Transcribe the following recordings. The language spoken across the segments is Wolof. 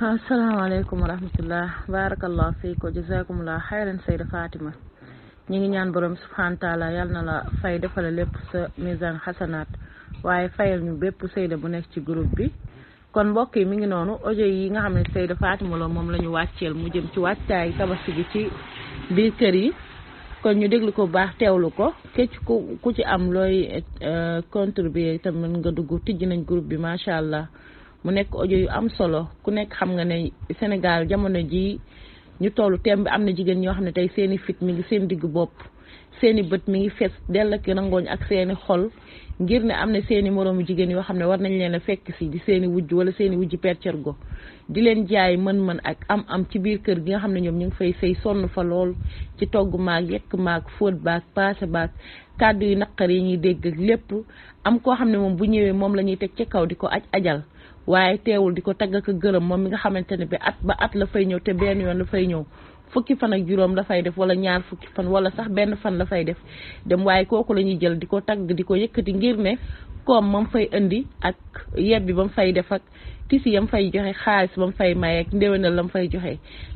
waaw salaamaaleykum wa rahmatullah barakallahu fiik wa jazakumullah xayran sayda fatima ñi ngi ñaan borom subhana taala yal na la fay defale lépp sa misan xasanaat waaye fayal ñu bépp sayda bu nekk ci groupe bi kon mbokk yi mi ngi noonu audio yi nga xam ne sayda fatima la moom la ñu wàcceel mu jëm ci wàccaay tabaski gi ci biir kër yi kon ñu déglu ko baax teewlu ko kécc ku ku ci am looy euh, contribuer tamit nga dugg tijji nañ groupe bi macha allah mu nekk ojo yu am solo ku nekk xam nga ne Sénégal jamono ji ñu tollu thème bi am na jigéen ñoo xam ne tey seeni fit mi ngi seen diggu bopp seeni bët mi ngi fees dell ak rangooñ ak seeni xol ngir ne am na seeni moroomu jigéen yoo xam ne war nañ leen a fekk si di seeni wujj wala seeni wujj percergo di leen jaay mën-mën ak am am ci biir kër gi nga xam ne ñoom ñu ngi fay sëy sonn fa lool ci togg maag yekk maag fóot baag paase baag kàddu yu naqar yi ñuy dégg ak lépp am koo xam ne moom bu ñëwee moom la ñuy teg ci kaw di ko aj ajal waaye teewul di ko tagg ak gërëm moom mi nga xamante ne bi at ba at la fay ñëw te benn yoon la fay ñëw fukki fan ak juróom la fay def wala ñaar fukki fan wala sax benn fan la fay def dem waaye kooku la ñuy jël di ko tagg di ko yëkkati ngir ne koom moom fay indi ak yebbi ba mu fay def ak tisi yam fay joxe xaalis ba mu fay may ak ndéwénal la mu fay joxe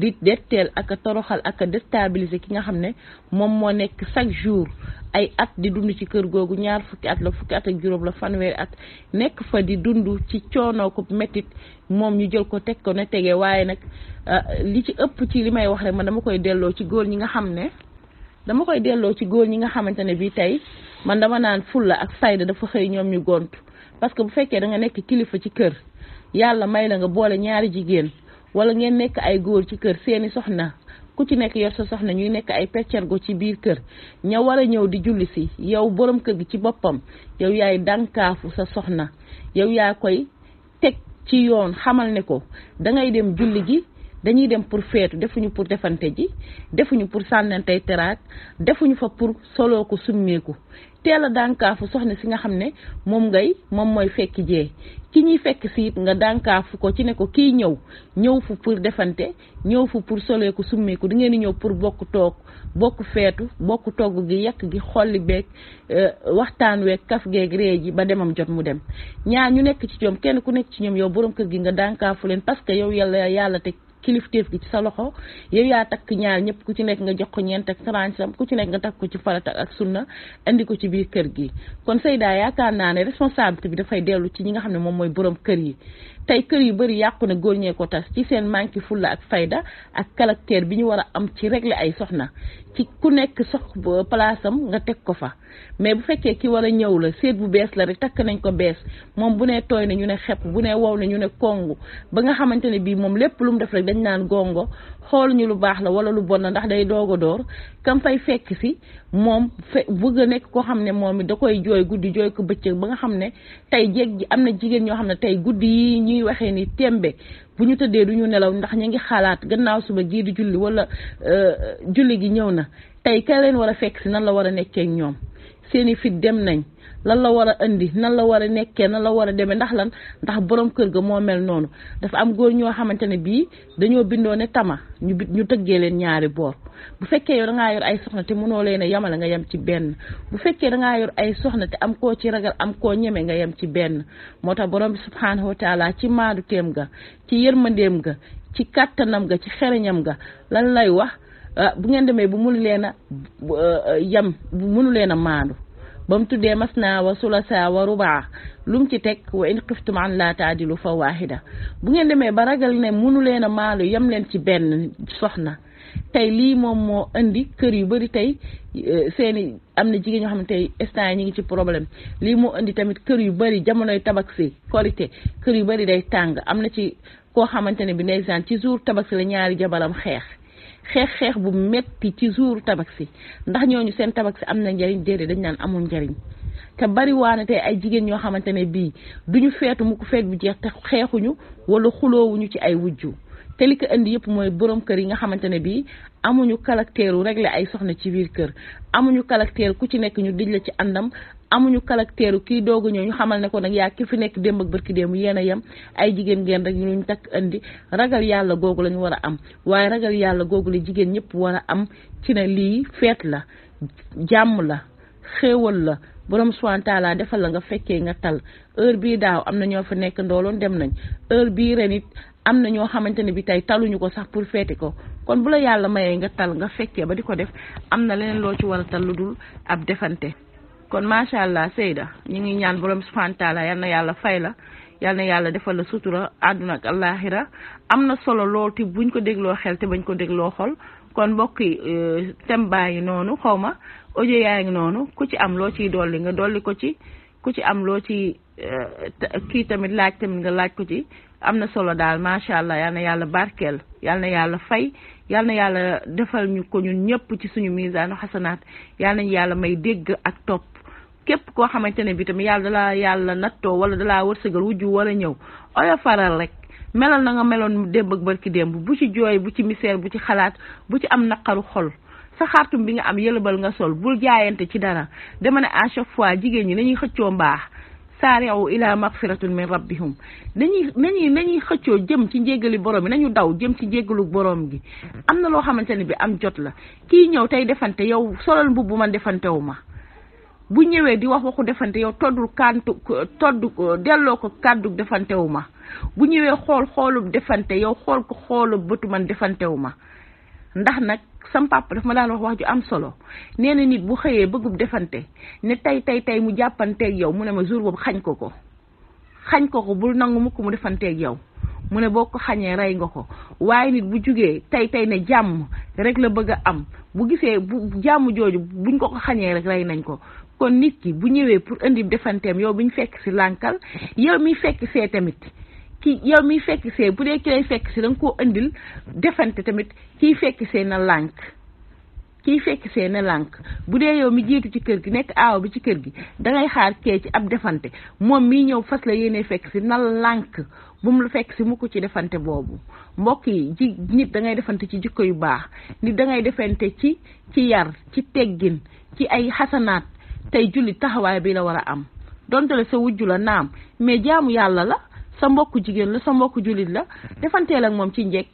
di detteel ak toroxal ak a ki nga xam ne moom moo nekk chaque jour ay at di dund ci kër googu ñaar fukki at la fukki at ak juróom la fanweeri at nekk fa di dund ci coonoo mettit moom ñu jël ko teg ko ne tege waaye nag ah, li ci ëpp ci li may wax rek man dama koy delloo ci góor ñi nga xam ne dama koy delloo ci góor ñi nga xamante ne bii tey man dama naan fulla ak fayda dafa xëy ñoom ñu gont que bu fekkee da nga nekk kilifa ci kër yàlla may la nga boole ñaari jigéen wala ngeen nekk ay góor ci kër seeni soxna ku ci nekk yor sa soxna ñuy nekk ay peccergo ci biir kër ña war a ñëw di julli si yow borom kër gi ci boppam yow yaay dànkaafu sa soxna yow yaa koy teg ci yoon xamal ne ko dangay dem julli gi dañuy dem pour feetu defuñu pour defante ji defuñu pour sànnantey teraak defuñu fa pour soloo ko summeeku teel a dànkaafu soxna si nga xam ne moom ngay moom mooy fekk jee ki ñuy fekk si it nga dànkaafu ko ci ne ko kii ñëw ñëw fu pour defante ñëw fu pour soleeku summeeku di ngeen di ñëw pour bokk toog bokk feetu bokk togg gi yekk gi xolli beeg euh, waxtaan weeg kaf geeg ree ji ba demam jot mu dem ñaar ñu nekk ci ñoom kenn ku nekk ci ñoom yow borom kër gi nga dànkaafu leen parce que yow yàlla yàlla teg kilifteef gi ci sa loxo yow yaa takk ñaar ñëpp ku ci nekk nga jox ko ñeent ak saransam ku ci nekk nga takk ko ci farata ak sunna indi ko ci biir kër gi kon Seyda yaakaar naa ne responsabilité bi dafay dellu ci ñi nga xam ne moom mooy borom kër yi tey kër yu bëri yàqu na góor ñee ko tas ci seen manque fulla ak fayda ak caractère bi ñu war a am ci régler ay soxna ci ku nekk sox place nga teg ko fa mais bu fekkee ki war a ñëw la seet bu bees la rek takk nañ ko bees moom bu nee tooy na ñu ne xepp bu ne wow na ñu ne kongu ba nga xamante ne bii moom lépp lu mu def rek dañ naan gongo xool ñu lu baax la wala lu bon na ndax day doog a door kam fay fekk si moom fe bëgg a nekk koo xam ne moom it da koy jooy guddi jooy ko bëccëg ba nga xam ne tey jéeg ji am na jigéen ñoo xam ne tey guddi yi ñuy waxee ni tembe bu ñu tëddee du ñu nelaw ndax ñu ngi xalaat gannaaw suba gii di julli wala euh, julli gi ñëw na tey ka leen war a fekk si nan la war a nekkee ñoom seeni fit dem nañ lan la war a indi nan la war a nekkee nan la war a demee ndax lan ndax borom kër ga moo mel noonu dafa am góor ñoo xamante ne bii dañoo bindoo ne tama ñu bi ñu tëggee leen ñaari boor bu fekkee yow da ngaa yor ay soxna te mënoo leen a yamale nga yem ci benn bu fekkee da yor ay soxna te am koo ci ragal am koo ñeme nga yem ci benn moo tax borom bi subhaanahu ci maadu teem ga ci yërmandeem ga ci kàttanam ga ci xereñam ga lan lay wax ah, bu ngeen demee bu mënu leen a ah, yem leen a maandu ba mu tuddee masna wa sulasa wa rubaa lu mu ci teg wa in xiftum an laa taadilu fa waahida bu ngeen demee ba ragal ne munu leen a maalu yem leen ci benn soxna tey lii moom moo indi kër yu bari tey e, seeni am na jigéen ñoo xam ne tey instant yi ñu ngi ci problème lii moo indi tamit kër yu bari jamonoy tabax si korité kër yu bari day tàng am na ci koo xamante ne bi ndeysaan ci jour tabax si la ñaari jabaram xeex xeex-xeex bu metti ci tabak tabaski ndax ñooñu seen tabaski am na njariñ déedéet dañ daan amul njariñ te bari waane tey ay jigéen ñoo xamante ne bii duñu feetu mu ko feet bu jeex te xeexuñu wala xuloowuñu ci ay wujju te li ko indi yëpp mooy borom kër yi nga xamante ne bii amuñu caractère régler ay soxna ci biir kër amuñu caractère ku ci nekk ñu dij la ci àndam amuñu caractère kii doogu ñoo ñu xamal ne ko nag yaa ki fi nekk démb ak barki démb yéen a yem ay jigéen ngeen rek ñu takk indi ragal yàlla googu lañu war a am waaye ragal yàlla googu la jigéen ñëpp war a am ci ne lii feet la jàmm la xéewal la borom subhaana taala defal la nga fekkee nga tal heure bii daaw am na ñoo fa nekk ndooloon dem nañ heure bii ren it am na ñoo xamante ne bi tey taluñu ko sax pour feeti ko kon bu la yàlla mayee nga tal nga fekkee ba di ko def am na leneen loo ci war a lu dul ab defante kon macha allah Seyda ñu ngi ñaan borom subhaana taala yal na yàlla fay la yal yàlla defal la sutura àdduna ak am na solo lool te buñ ko dégloo xel bañ ko dégloo xol kon mbokk yi euh, thème baa ngi noonu xaw ma audio noonu ku ci am loo ciy dolli nga dolli ko ci ku ci am loo ci euh, kii tamit laaj tamit nga laaj ko ci am na solo daal macha allah na yàlla barkeel yal yàlla fay yal yàlla defal ñu ko ñun ñëpp ci suñu misaanu xasanaat yal nañu yàlla may dégg ak topp. képp koo xamante ne bi tamit yàlla dalaa yàlla nattoo wala dalaa wërsëgal wujju war a ñëw oyo faral rek melal na nga meloon démb ak barki démb bu ci jooy bu ci misère bu ci xalaat bu ci am naqaru xol sa xartum bi nga am yëlëbal nga sol bul jaayante ci dara dama ne à chaque fois jigéen ñi nañuy xëccoo mbaax saari'u ila magfiratun min rabbihum nañuy nañuy ñuy xëccoo jëm ci njéggali borom bi nañu daw jëm ci njéggalu borom gi am na loo xamante ne bi am jot la kii ñëw tey defante yow solal mbubb man defante wu ma bu ñëwee di wax waxu defante yow toddul kantu todd delloo ko kàddu defantewu ma bu ñëwee xool xoolub defante yow xool ko xoolub bëtu man defantewu ma ndax nag sam papa daf ma daan wax wax ju am solo nee na nit bu xëyee bëggub defante ne tey tey tey mu jàppanteeg yow mu ne ma jour boobu xañ ko ko xañ ko ko bul nangu mukk mu defanteeg yow mu ne boo ko xañee rey nga ko waaye nit bu jugee tey tey ne jàmm rek la bëgg a am bu gisee bu jàmm jooju buñ ko ko xañee rek rey nañ ko kon nit ki bu ñëwee pour indi defanteem yow ñu fekk si lànkal yow mi fekk see tamit ki yow mi fekk see bu dee ki lay fekk si da nga koo indil defante tamit kiy fekk see na lànk kiy fekk see lànk bu dee yow mi jiitu ci kër gi nekk aaw bi ci kër gi dangay xaar kee ci ab defante moom mi ñëw fas la yéene fekk si na lànk bu mu fekk si mu ko ci defante boobu mbokk yi ji nit dangay defante ci jikko yu baax nit dangay defante ci ci yar ci teggin ci ay xasanaat tey jullit taxawaay bi la war a am donte la sa wujju la naam mais jaamu yàlla la sa mbokku jigéen la sa mbokku jullit la defanteel ak moom ci njekk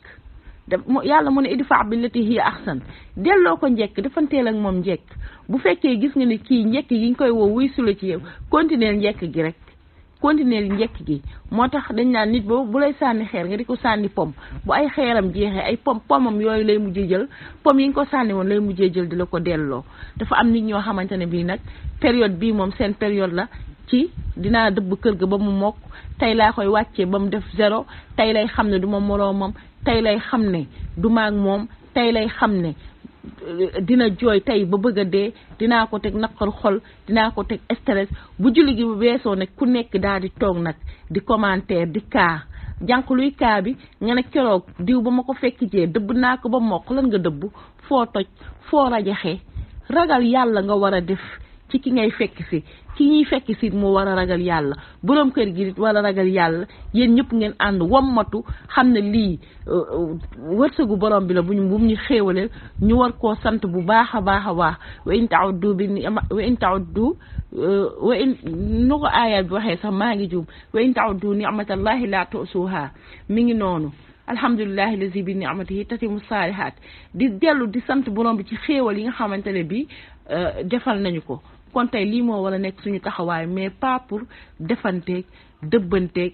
da yàlla mu ne idfa billati hiya ahsan delloo ko njekk defanteel ak moom njekk bu fekkee gis nga ni kii njekk yi nga koy woo wuy sule ci yow continuer njekk gi rek continuer yi njëkk gi moo tax dañ naan nit boobu bu lay sànni xeer nga di ko sànni pom bu ay xeeram jeexee ay pom pomam yooyu lay mujjee jël pom yi nga ko sànni woon lay mujjee jël di la ko delloo dafa am nit ñoo xamante ne bii nag période bii moom seen période la ci dinaa dëbb kër ga ba mu mokk tey laa koy wàccee ba mu def zéro tey lay xam ne du ma moroomam tey lay xam ne du maag moom tey lay xam ne dina jooy tey ba bëgg a dee dinaa ko teg naqar xol dinaa ko teg stress bu julli gi bu weesoo nag ku nekk daal di toog nag di commentaire di kaa janq luy kaa bi nga ne keroog diw ba ma ko fekk jee dëbb naa ko ba mokk lan nga dëbb foo toj foo rajaxee ragal yàlla nga war a def ci ki ngay fekk si ki ñuy fekk si moo war a ragal yàlla borom kër gi war a ragal yàlla yéen ñëpp ngeen ànd wommatu xam na lii euh, euh, wërsëgu borom bi la bu ñu bu ñu xéewale ñu war koo sant bu baax a baax a baax wa in tauddu bi wa in tauddu euh, wa in nu ko aayaat bi waxee sax maa ngi juum wa in tauddu nicmatallahi laa tusuha mi ngi noonu alhamdulilahi lazi bi ni'matihi tatimu saalihaat di dellu di sant borom bi ci xéewal yi nga xamante ne bi defal nañu ko kon tey lii moo war a nekk suñu taxawaay mais pas pour defanteeg dëbbanteeg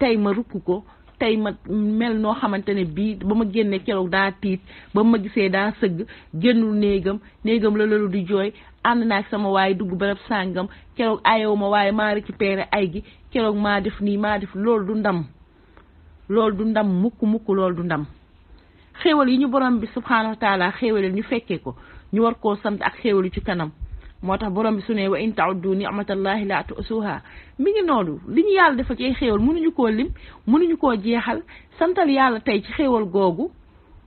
tey ma rukk ko tey ma mel noo xamante ne bii ba ma génnee keroog daa tiit ba ma gisee daa sëgg génnul néegam néegam la loolu di jooy ànd naa ak sama waaye dugg barab sàngam keroog ayoo ma waaye maa récupéré ay gi keroog maa def nii maa def lool du ndam lool du ndam mukk mukk lool du ndam xéewal yi ñu borom bi subhaanahu wa xéewaleel ñu fekkee ko ñu war koo sant ak xéewal ci kanam moo tax borom bi su ne wa in tauddu nicmatallahi la tusuha mi ngi noonu li ñu yàlla dafa mu xéewal mënuñu koo lim mënuñu koo jeexal santal yàlla tey ci xéewal googu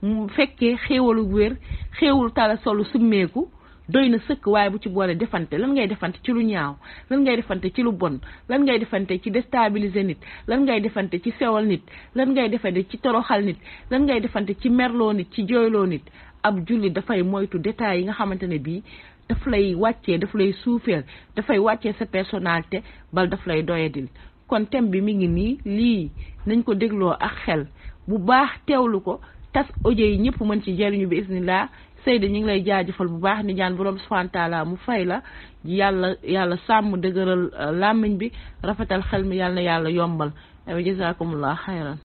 mu fekkee xéewalu wér xéewalu tala solu summeeku doy na sëkk waaye bu ci boole defante lan ngay defante ci lu ñaaw lan ngay defante ci lu bon lan ngay defante ci déstabiliser nit lan ngay defante ci sewal nit lan ngay defante ci toroxal nit lan ngay defante ci merloo nit ci jooyloo nit ab julli dafay moytu détails yi nga xamante ne bii daf lay wàccee daf lay suufeel dafay wàcce sa personnalité bal daf lay doyadil kon thème bi mi ngi nii lii nañ ko dégloo ak xel bu baax teewlu ko tas audio yi ñëpp mën ci jariñu bi isnillah Seyda ñu ngi lay jaajëfal bu baax ni ñaan borom subhanahu taala mu fay la yàlla yàlla sàmm dëgëral euh, làmmiñ bi rafetal xel mi yàlla yàlla yombal jazakumullah xayran